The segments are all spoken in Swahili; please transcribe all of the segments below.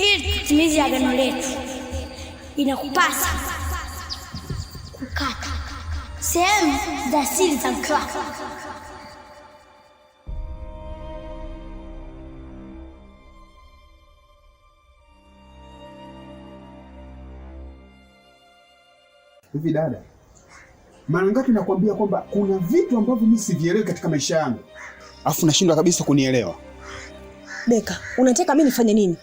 ili tutimize agano letu, inakupasa kukata sehemu za siri za mke Hivi dada, mara ngapi nakwambia kwamba kuna vitu ambavyo mimi sivielewi katika maisha yangu, alafu nashindwa kabisa kunielewa. Beka, unataka mimi nifanye nini?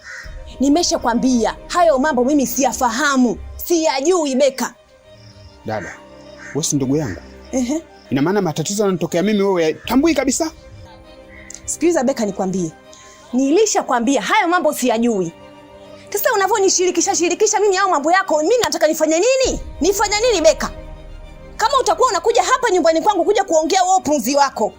nimesha kwambia hayo mambo mimi siyafahamu, siyajui. Beka dada, wewe si ndugu yangu? Ehe. Ina maana matatizo yanatokea mimi, wewe tambui kabisa? Sikiliza Beka, nikwambie, kwambia hayo mambo siyajui. Sasa unavyonishirikisha shirikisha mimi au mambo yako, mimi nataka nifanye nini? Nifanye nini Beka? Kama utakuwa unakuja hapa nyumbani kwangu kuja kuongea wewe upunzi wako,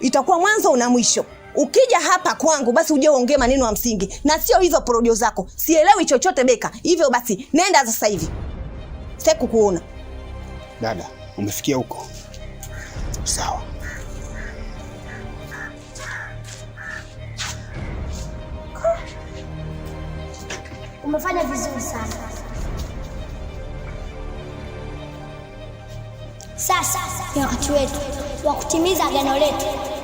itakuwa mwanzo una mwisho. Ukija hapa kwangu basi uje uongee maneno ya msingi na sio hizo porojo zako. Sielewi chochote Beka. Hivyo basi nenda sasa hivi. Sitaki kukuona. Dada, umefikia huko. Sawa. Umefanya vizuri sana. Sasa ni wakati wetu wa kutimiza agano letu.